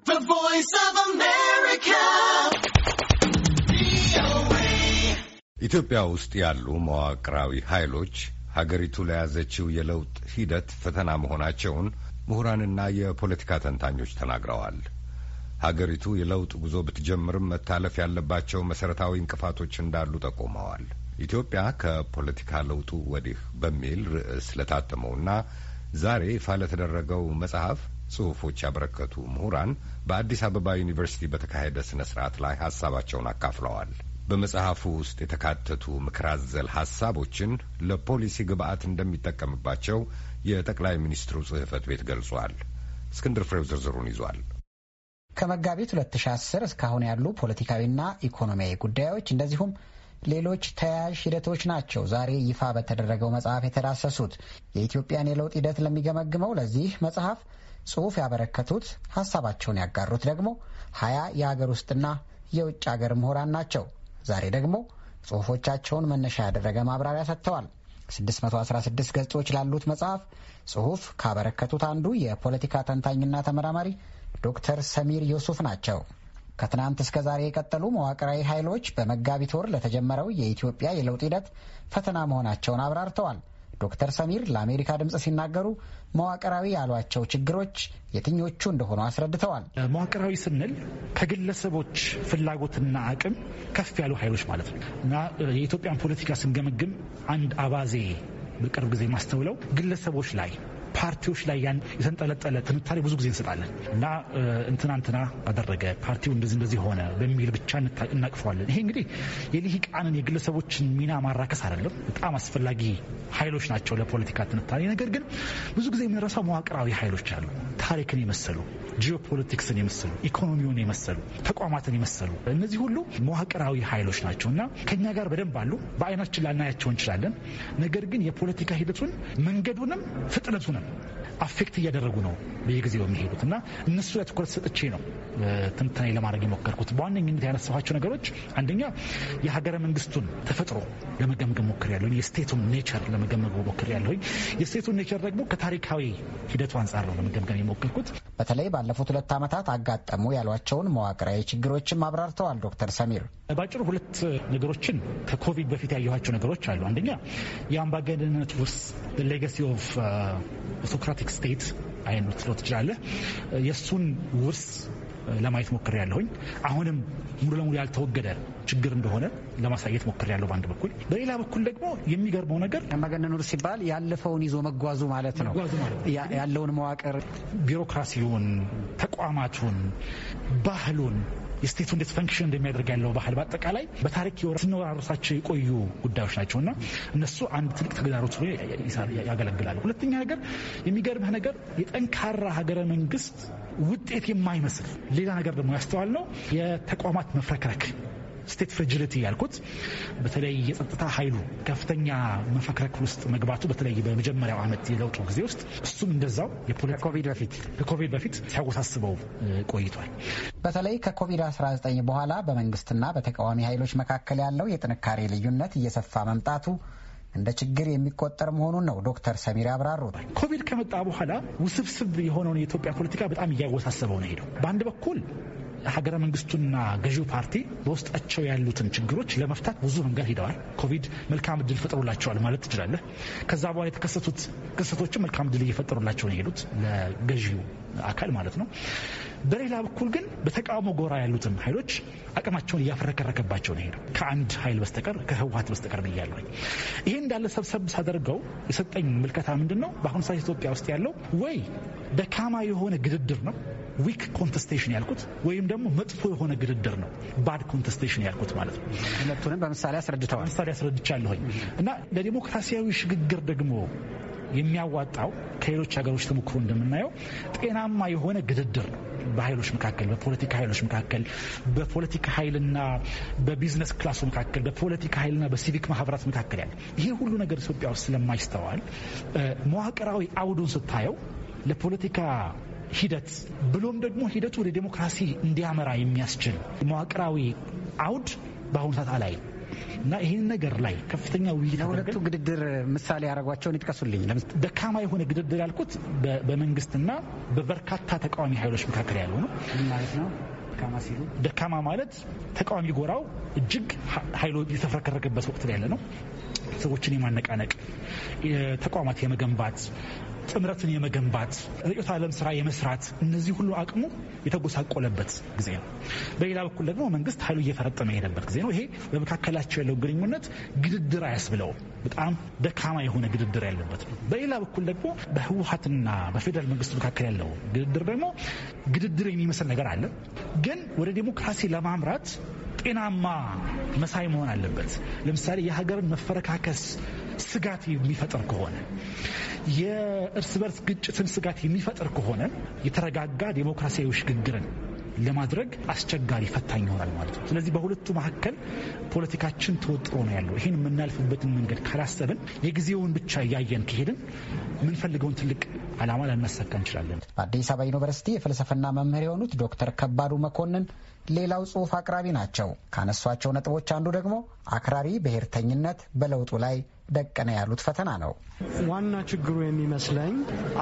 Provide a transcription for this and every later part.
The Voice of America. ኢትዮጵያ ውስጥ ያሉ መዋቅራዊ ኃይሎች ሀገሪቱ ለያዘችው የለውጥ ሂደት ፈተና መሆናቸውን ምሁራንና የፖለቲካ ተንታኞች ተናግረዋል። ሀገሪቱ የለውጥ ጉዞ ብትጀምርም መታለፍ ያለባቸው መሰረታዊ እንቅፋቶች እንዳሉ ጠቁመዋል። ኢትዮጵያ ከፖለቲካ ለውጡ ወዲህ በሚል ርዕስ ለታተመውና ዛሬ ይፋ ለተደረገው መጽሐፍ ጽሑፎች ያበረከቱ ምሁራን በአዲስ አበባ ዩኒቨርሲቲ በተካሄደ ስነ ስርዓት ላይ ሀሳባቸውን አካፍለዋል። በመጽሐፉ ውስጥ የተካተቱ ምክር አዘል ሀሳቦችን ለፖሊሲ ግብአት እንደሚጠቀምባቸው የጠቅላይ ሚኒስትሩ ጽሕፈት ቤት ገልጿል። እስክንድር ፍሬው ዝርዝሩን ይዟል። ከመጋቢት 2010 እስካሁን ያሉ ፖለቲካዊና ኢኮኖሚያዊ ጉዳዮች እንደዚሁም ሌሎች ተያያዥ ሂደቶች ናቸው ዛሬ ይፋ በተደረገው መጽሐፍ የተዳሰሱት። የኢትዮጵያን የለውጥ ሂደት ለሚገመግመው ለዚህ መጽሐፍ ጽሑፍ ያበረከቱት ሀሳባቸውን ያጋሩት ደግሞ ሀያ የሀገር ውስጥና የውጭ ሀገር ምሁራን ናቸው። ዛሬ ደግሞ ጽሑፎቻቸውን መነሻ ያደረገ ማብራሪያ ሰጥተዋል። 616 ገጾች ላሉት መጽሐፍ ጽሑፍ ካበረከቱት አንዱ የፖለቲካ ተንታኝና ተመራማሪ ዶክተር ሰሚር ዮሱፍ ናቸው። ከትናንት እስከ ዛሬ የቀጠሉ መዋቅራዊ ኃይሎች በመጋቢት ወር ለተጀመረው የኢትዮጵያ የለውጥ ሂደት ፈተና መሆናቸውን አብራርተዋል። ዶክተር ሰሚር ለአሜሪካ ድምፅ ሲናገሩ መዋቅራዊ ያሏቸው ችግሮች የትኞቹ እንደሆኑ አስረድተዋል። መዋቅራዊ ስንል ከግለሰቦች ፍላጎትና አቅም ከፍ ያሉ ኃይሎች ማለት ነው እና የኢትዮጵያን ፖለቲካ ስንገመግም አንድ አባዜ በቅርብ ጊዜ ማስተውለው ግለሰቦች ላይ ፓርቲዎች ላይ ያን የተንጠለጠለ ትንታኔ ብዙ ጊዜ እንሰጣለን እና እንትና እንትና አደረገ ፓርቲው እንደዚህ እንደዚህ ሆነ በሚል ብቻ እናቅፈዋለን። ይሄ እንግዲህ የልሂቃንን የግለሰቦችን ሚና ማራከስ አይደለም። በጣም አስፈላጊ ኃይሎች ናቸው ለፖለቲካ ትንታኔ። ነገር ግን ብዙ ጊዜ የምንረሳው መዋቅራዊ ኃይሎች አሉ። ታሪክን የመሰሉ ጂኦፖለቲክስን የመሰሉ ኢኮኖሚውን የመሰሉ ተቋማትን የመሰሉ እነዚህ ሁሉ መዋቅራዊ ኃይሎች ናቸው እና ከኛ ጋር በደንብ አሉ። በአይናችን ላናያቸው እንችላለን። ነገር ግን የፖለቲካ ሂደቱን መንገዱንም ፍጥነቱንም አፌክት እያደረጉ ነው በየጊዜው የሚሄዱት እና እነሱ ላይ ትኩረት ሰጥቼ ነው ትንታኔ ለማድረግ የሞከርኩት። በዋነኝነት ያነሳኋቸው ነገሮች አንደኛ የሀገረ መንግስቱን ተፈጥሮ ለመገምገም ሞክሬያለሁ። የስቴቱን ኔቸር ለመገምገም ሞክሬያለሁ። የስቴቱን ኔቸር ደግሞ ከታሪካዊ ሂደቱ አንጻር ነው ለመገምገም ያስጠነቀቁት በተለይ ባለፉት ሁለት ዓመታት አጋጠሙ ያሏቸውን መዋቅራዊ ችግሮችም አብራርተዋል። ዶክተር ሰሚር ባጭሩ ሁለት ነገሮችን ከኮቪድ በፊት ያየኋቸው ነገሮች አሉ። አንደኛ የአምባገነንነት ውስጥ ሌጋሲ ኦፍ ኦቶክራቲክ ስቴት አይነት ትችላለህ የእሱን ውርስ ለማየት ሞክር ያለሁኝ። አሁንም ሙሉ ለሙሉ ያልተወገደ ችግር እንደሆነ ለማሳየት ሞክር ያለው በአንድ በኩል፣ በሌላ በኩል ደግሞ የሚገርመው ነገር መገነኑር ሲባል ያለፈውን ይዞ መጓዙ ማለት ነው። ያለውን መዋቅር፣ ቢሮክራሲውን፣ ተቋማቱን፣ ባህሉን የስቴቱ እንዴት ፈንክሽን እንደሚያደርግ ያለው ባህል በአጠቃላይ በታሪክ ስንወራረሳቸው የቆዩ ጉዳዮች ናቸው እና እነሱ አንድ ትልቅ ተግዳሮት ሆኖ ያገለግላሉ። ሁለተኛ ነገር የሚገርምህ ነገር የጠንካራ ሀገረ መንግስት ውጤት የማይመስል ሌላ ነገር ደግሞ ያስተዋል ነው የተቋማት መፍረክረክ ስቴት ፍሪጅልቲ ያልኩት በተለይ የጸጥታ ኃይሉ ከፍተኛ መፈክረክ ውስጥ መግባቱ በተለይ በመጀመሪያው ዓመት የለውጡ ጊዜ ውስጥ እሱም እንደዛው ከኮቪድ በፊት ከኮቪድ በፊት ሲያወሳስበው ቆይቷል። በተለይ ከኮቪድ-19 በኋላ በመንግስትና በተቃዋሚ ኃይሎች መካከል ያለው የጥንካሬ ልዩነት እየሰፋ መምጣቱ እንደ ችግር የሚቆጠር መሆኑን ነው ዶክተር ሰሚር ያብራሩት። ኮቪድ ከመጣ በኋላ ውስብስብ የሆነውን የኢትዮጵያ ፖለቲካ በጣም እያወሳሰበው ነው ሄደው በአንድ በኩል ሀገረ መንግስቱና ገዢው ፓርቲ በውስጣቸው ያሉትን ችግሮች ለመፍታት ብዙ መንገድ ሄደዋል። ኮቪድ መልካም እድል ፈጥሮላቸዋል ማለት ትችላለህ። ከዛ በኋላ የተከሰቱት ክስተቶችም መልካም እድል እየፈጠሩላቸው ነው የሄዱት ለገዢው አካል ማለት ነው። በሌላ በኩል ግን በተቃውሞ ጎራ ያሉትም ኃይሎች አቅማቸውን እያፈረከረከባቸው ነው ሄደው ከአንድ ኃይል በስተቀር ከህወሀት በስተቀር ነው እያለኝ ይህ እንዳለ ሰብሰብ ሳደርገው የሰጠኝ ምልከታ ምንድን ነው? በአሁኑ ሰዓት ኢትዮጵያ ውስጥ ያለው ወይ ደካማ የሆነ ግድድር ነው ዊክ ኮንቴስቴሽን ያልኩት ወይም ደግሞ መጥፎ የሆነ ግድድር ነው ባድ ኮንቴስቴሽን ያልኩት ማለት ነው። ሁለቱንም በምሳሌ አስረድተዋል። ምሳሌ አስረድቻለሁኝ እና ለዲሞክራሲያዊ ሽግግር ደግሞ የሚያዋጣው ከሌሎች ሀገሮች ተሞክሮ እንደምናየው ጤናማ የሆነ ግድድር ነው። በኃይሎች መካከል በፖለቲካ ኃይሎች መካከል በፖለቲካ ኃይልና በቢዝነስ ክላሱ መካከል በፖለቲካ ኃይልና በሲቪክ ማህበራት መካከል ያለ ይሄ ሁሉ ነገር ኢትዮጵያ ውስጥ ስለማይስተዋል መዋቅራዊ አውዱን ስታየው ለፖለቲካ ሂደት ብሎም ደግሞ ሂደቱ ወደ ዴሞክራሲ እንዲያመራ የሚያስችል መዋቅራዊ አውድ በአሁኑ ሰዓት አላይም። እና ይህን ነገር ላይ ከፍተኛ ውይይት ለሁለቱ ግድድር ምሳሌ ያደረጓቸውን ይጥቀሱልኝ። ደካማ የሆነ ግድድር ያልኩት በመንግስትና በበርካታ ተቃዋሚ ኃይሎች መካከል ያለው ነው ማለት ነው። ደካማ ማለት ተቃዋሚ ጎራው እጅግ ኃይሎ የተፈረከረከበት ወቅት ላይ ያለ ነው። ሰዎችን የማነቃነቅ ተቋማት የመገንባት ጥምረትን የመገንባት ርዕዮተ ዓለም ስራ የመስራት እነዚህ ሁሉ አቅሙ የተጎሳቆለበት ጊዜ ነው። በሌላ በኩል ደግሞ መንግስት ኃይሉ እየፈረጠመ የሄደበት ጊዜ ነው። ይሄ በመካከላቸው ያለው ግንኙነት ግድድር አያስብለውም። በጣም ደካማ የሆነ ግድድር ያለበት ነው። በሌላ በኩል ደግሞ በህወሀትና በፌዴራል መንግስት መካከል ያለው ግድድር ደግሞ ግድድር የሚመስል ነገር አለ። ግን ወደ ዲሞክራሲ ለማምራት ጤናማ መሳይ መሆን አለበት። ለምሳሌ የሀገርን መፈረካከስ ስጋት የሚፈጥር ከሆነ የእርስ በርስ ግጭትን ስጋት የሚፈጥር ከሆነ የተረጋጋ ዴሞክራሲያዊ ሽግግርን ለማድረግ አስቸጋሪ ፈታኝ ይሆናል ማለት ነው። ስለዚህ በሁለቱ መካከል ፖለቲካችን ተወጥሮ ነው ያለው። ይህን የምናልፍበትን መንገድ ካላሰብን የጊዜውን ብቻ እያየን ከሄድን የምንፈልገውን ትልቅ ዓላማ ላናሳካ እንችላለን። በአዲስ አበባ ዩኒቨርሲቲ የፍልስፍና መምህር የሆኑት ዶክተር ከባዱ መኮንን ሌላው ጽሑፍ አቅራቢ ናቸው። ካነሷቸው ነጥቦች አንዱ ደግሞ አክራሪ ብሔርተኝነት በለውጡ ላይ ደቀነ ያሉት ፈተና ነው። ዋና ችግሩ የሚመስለኝ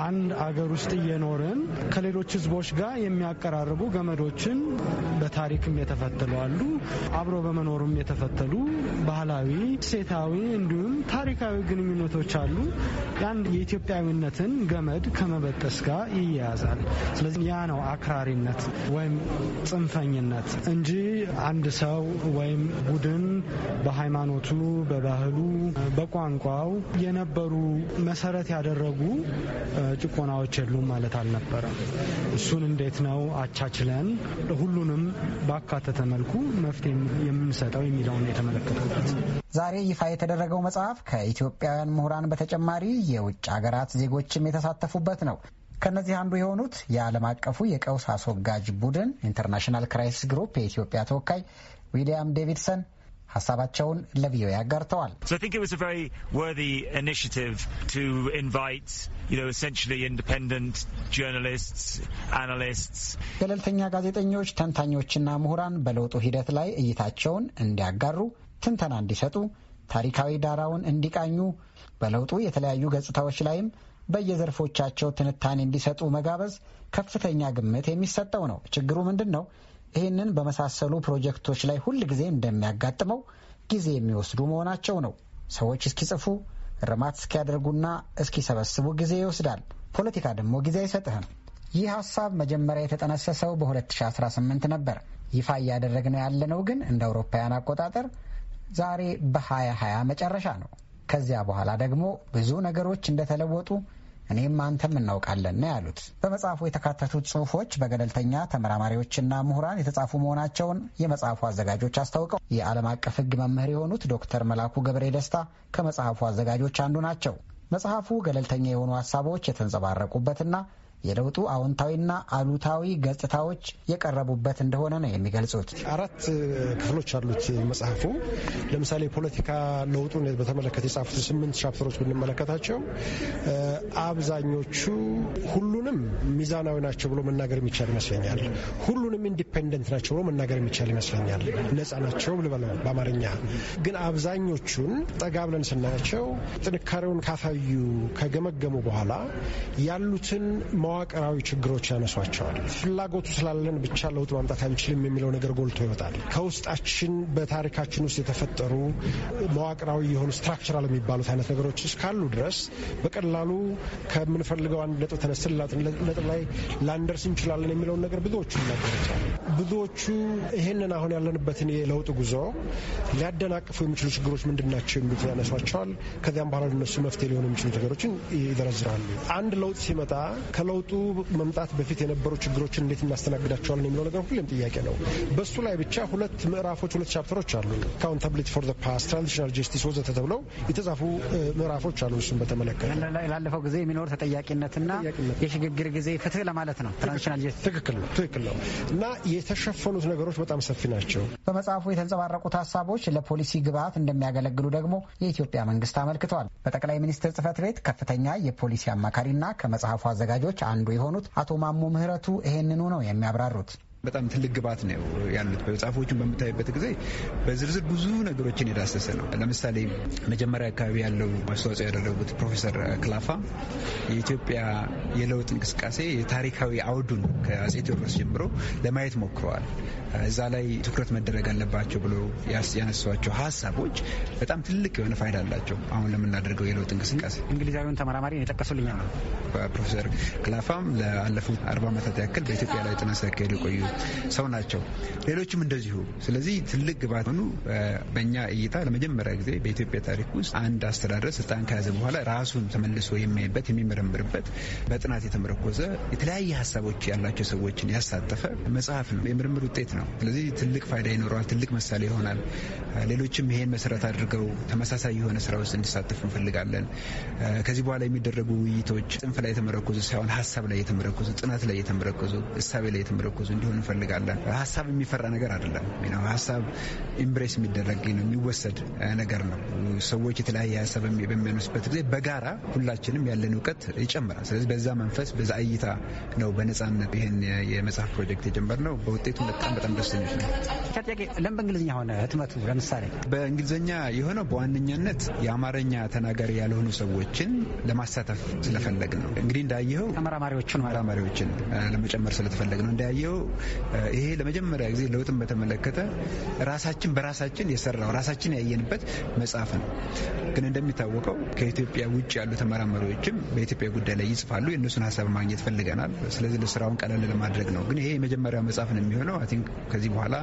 አንድ አገር ውስጥ እየኖርን ከሌሎች ህዝቦች ጋር የሚያቀራርቡ ገመዶችን በታሪክም የተፈተሉ አሉ። አብሮ በመኖሩም የተፈተሉ ባህላዊ፣ ሴታዊ እንዲሁም ታሪካዊ ግንኙነቶች አሉ። የአንድ የኢትዮጵያዊነትን ገመድ ከመበጠስ ጋር ይያያዛል። ስለዚህ ያ ነው አክራሪነት ወይም ጽንፈኝነት እንጂ አንድ ሰው ወይም ቡድን በሃይማኖቱ፣ በባህሉ፣ በቋ ቋንቋው የነበሩ መሰረት ያደረጉ ጭቆናዎች የሉም ማለት አልነበረም። እሱን እንዴት ነው አቻችለን ሁሉንም ባካተተ መልኩ መፍትሄ የምንሰጠው የሚለውን የተመለከትኩበት። ዛሬ ይፋ የተደረገው መጽሐፍ ከኢትዮጵያውያን ምሁራን በተጨማሪ የውጭ ሀገራት ዜጎችም የተሳተፉበት ነው። ከእነዚህ አንዱ የሆኑት የዓለም አቀፉ የቀውስ አስወጋጅ ቡድን ኢንተርናሽናል ክራይሲስ ግሩፕ የኢትዮጵያ ተወካይ ዊሊያም ዴቪድሰን ሀሳባቸውን ለቪኦኤ አጋርተዋል። ገለልተኛ ጋዜጠኞች፣ ተንታኞችና ምሁራን በለውጡ ሂደት ላይ እይታቸውን እንዲያጋሩ፣ ትንተና እንዲሰጡ፣ ታሪካዊ ዳራውን እንዲቃኙ፣ በለውጡ የተለያዩ ገጽታዎች ላይም በየዘርፎቻቸው ትንታኔ እንዲሰጡ መጋበዝ ከፍተኛ ግምት የሚሰጠው ነው። ችግሩ ምንድን ነው? ይህንን በመሳሰሉ ፕሮጀክቶች ላይ ሁል ጊዜ እንደሚያጋጥመው ጊዜ የሚወስዱ መሆናቸው ነው። ሰዎች እስኪጽፉ እርማት እስኪያደርጉና እስኪሰበስቡ ጊዜ ይወስዳል። ፖለቲካ ደግሞ ጊዜ አይሰጥህም። ይህ ሀሳብ መጀመሪያ የተጠነሰሰው በ2018 ነበር። ይፋ እያደረግነው ያለነው ግን እንደ አውሮፓውያን አቆጣጠር ዛሬ በ2020 መጨረሻ ነው። ከዚያ በኋላ ደግሞ ብዙ ነገሮች እንደተለወጡ እኔም አንተም እናውቃለን ነው ያሉት። በመጽሐፉ የተካተቱት ጽሁፎች በገለልተኛ ተመራማሪዎችና ምሁራን የተጻፉ መሆናቸውን የመጽሐፉ አዘጋጆች አስታውቀው የዓለም አቀፍ ሕግ መምህር የሆኑት ዶክተር መላኩ ገብሬ ደስታ ከመጽሐፉ አዘጋጆች አንዱ ናቸው። መጽሐፉ ገለልተኛ የሆኑ ሀሳቦች የተንጸባረቁበትና የለውጡ አዎንታዊና አሉታዊ ገጽታዎች የቀረቡበት እንደሆነ ነው የሚገልጹት። አራት ክፍሎች አሉት መጽሐፉ። ለምሳሌ የፖለቲካ ለውጡን በተመለከተ የጻፉት ስምንት ቻፕተሮች ብንመለከታቸው አብዛኞቹ ሁሉንም ሚዛናዊ ናቸው ብሎ መናገር የሚቻል ይመስለኛል። ኢንዲፔንደንት ናቸው ብሎ መናገር የሚቻል ይመስለኛል። ነጻ ናቸው ብልበለ በአማርኛ ግን አብዛኞቹን ጠጋ ብለን ስናያቸው ጥንካሬውን ካሳዩ ከገመገሙ በኋላ ያሉትን መዋቅራዊ ችግሮች ያነሷቸዋል። ፍላጎቱ ስላለን ብቻ ለውጥ ማምጣት አንችልም የሚለው ነገር ጎልቶ ይወጣል። ከውስጣችን በታሪካችን ውስጥ የተፈጠሩ መዋቅራዊ የሆኑ ስትራክቸራል የሚባሉት አይነት ነገሮች እስካሉ ድረስ በቀላሉ ከምንፈልገው አንድ ነጥብ ተነስተን ነጥብ ላይ ላንደርስ እንችላለን የሚለውን ነገር ብዙዎቹ ይናገሩታል። Thank you. ብዙዎቹ ይህንን አሁን ያለንበትን የለውጥ ጉዞ ሊያደናቅፉ የሚችሉ ችግሮች ምንድን ናቸው የሚሉት ያነሷቸዋል። ከዚያም በኋላ እነሱ መፍትሄ ሊሆኑ የሚችሉ ነገሮችን ይዘረዝራሉ። አንድ ለውጥ ሲመጣ ከለውጡ መምጣት በፊት የነበሩ ችግሮችን እንዴት እናስተናግዳቸዋለን የሚለው ነገር ሁሌም ጥያቄ ነው። በሱ ላይ ብቻ ሁለት ምዕራፎች፣ ሁለት ቻፕተሮች አሉ። አካውንታብሊቲ ፎር ዘ ፓስት፣ ትራንዚሽናል ጀስቲስ ወዘተ ተብለው የተጻፉ ምዕራፎች አሉ። እሱን በተመለከተ ላለፈው ጊዜ የሚኖር ተጠያቂነትና የሽግግር ጊዜ ፍትህ ለማለት ነው። ትራንዚሽናል ጀስቲስ ትክክል ነው። ትክክል ነው እና የተሸፈኑት ነገሮች በጣም ሰፊ ናቸው። በመጽሐፉ የተንጸባረቁት ሀሳቦች ለፖሊሲ ግብዓት እንደሚያገለግሉ ደግሞ የኢትዮጵያ መንግስት አመልክቷል። በጠቅላይ ሚኒስትር ጽህፈት ቤት ከፍተኛ የፖሊሲ አማካሪና ከመጽሐፉ አዘጋጆች አንዱ የሆኑት አቶ ማሞ ምህረቱ ይህንኑ ነው የሚያብራሩት። በጣም ትልቅ ግባት ነው ያሉት። መጽሐፎቹን በምታይበት ጊዜ በዝርዝር ብዙ ነገሮችን የዳሰሰ ነው። ለምሳሌ መጀመሪያ አካባቢ ያለው አስተዋጽኦ ያደረጉት ፕሮፌሰር ክላፋ የኢትዮጵያ የለውጥ እንቅስቃሴ የታሪካዊ አውዱን ከአጼ ቴዎድሮስ ጀምሮ ለማየት ሞክረዋል። እዛ ላይ ትኩረት መደረግ አለባቸው ብሎ ያነሷቸው ሀሳቦች በጣም ትልቅ የሆነ ፋይዳ አላቸው። አሁን ለምናደርገው የለውጥ እንቅስቃሴ እንግሊዛዊውን ተመራማሪ የጠቀሱልኛ ነው። ፕሮፌሰር ክላፋም ለአለፉት አርባ ዓመታት ያክል በኢትዮጵያ ላይ ጥናት ሲያካሄዱ የቆዩ ሰው ናቸው። ሌሎችም እንደዚሁ። ስለዚህ ትልቅ ግባት ሆኑ በእኛ እይታ ለመጀመሪያ ጊዜ በኢትዮጵያ ታሪክ ውስጥ አንድ አስተዳደር ስልጣን ከያዘ በኋላ ራሱን ተመልሶ የሚያይበት የሚመረምርበት፣ በጥናት የተመረኮዘ የተለያየ ሀሳቦች ያላቸው ሰዎችን ያሳተፈ መጽሐፍ ነው፣ የምርምር ውጤት ነው። ስለዚህ ትልቅ ፋይዳ ይኖረዋል፣ ትልቅ ምሳሌ ይሆናል። ሌሎችም ይሄን መሰረት አድርገው ተመሳሳይ የሆነ ስራ ውስጥ እንዲሳተፉ እንፈልጋለን። ከዚህ በኋላ የሚደረጉ ውይይቶች ጽንፍ ላይ የተመረኮዙ ሳይሆን ሀሳብ ላይ የተመረኮዙ ጥናት ላይ የተመረኮዙ እሳቤ ላይ የተመረኮዙ እንዲሆን እንፈልጋለን። ሀሳብ የሚፈራ ነገር አይደለም። ሀሳብ ኢምብሬስ የሚደረግ የሚወሰድ uh, ነገር ነው። ሰዎች የተለያየ ሀሳብ በሚያነሱበት ጊዜ በጋራ ሁላችንም ያለን እውቀት ይጨምራል። ስለዚህ በዛ መንፈስ በዛ እይታ ነው በነጻነት ይህን የመጽሐፍ ፕሮጀክት የጀመርነው። በውጤቱ በጣም በጣም ደስተኞች ነው። ለምን በእንግሊዝኛ ሆነ ህትመቱ? ለምሳሌ በእንግሊዝኛ የሆነው በዋነኛነት የአማርኛ ተናጋሪ ያልሆኑ ሰዎችን ለማሳተፍ ስለፈለግ ነው። እንግዲህ እንዳየኸው ተመራማሪዎችን uh, ለመጨመር ስለተፈለግ ነው። እንዳየኸው ይሄ ለመጀመሪያ ጊዜ ለውጥን በተመለከተ ራሳችን በራሳችን የሰራው ራሳችን ያየንበት መጽሐፍ ነው። ግን እንደሚታወቀው ከኢትዮጵያ ውጭ ያሉ ተመራማሪዎችም በኢትዮጵያ ጉዳይ ላይ ይጽፋሉ። የእነሱን ሀሳብ ማግኘት ፈልገናል። ስለዚህ ለስራውን ቀለል ለማድረግ ነው። ግን ይሄ የመጀመሪያ መጽሐፍ ነው የሚሆነው። አይ ቲንክ ከዚህ በኋላ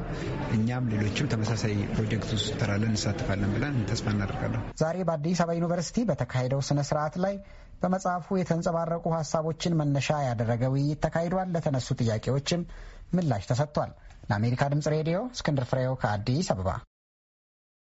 እኛም ሌሎችም ተመሳሳይ ፕሮጀክት ውስጥ ተራለን እንሳተፋለን ብለን ተስፋ እናደርጋለን። ዛሬ በአዲስ አበባ ዩኒቨርሲቲ በተካሄደው ስነ ስርዓት ላይ በመጽሐፉ የተንጸባረቁ ሀሳቦችን መነሻ ያደረገ ውይይት ተካሂዷል። ለተነሱ ጥያቄዎችም ምላሽ ተሰጥቷል። ለአሜሪካ ድምጽ ሬዲዮ እስክንድር ፍሬው ከአዲስ አበባ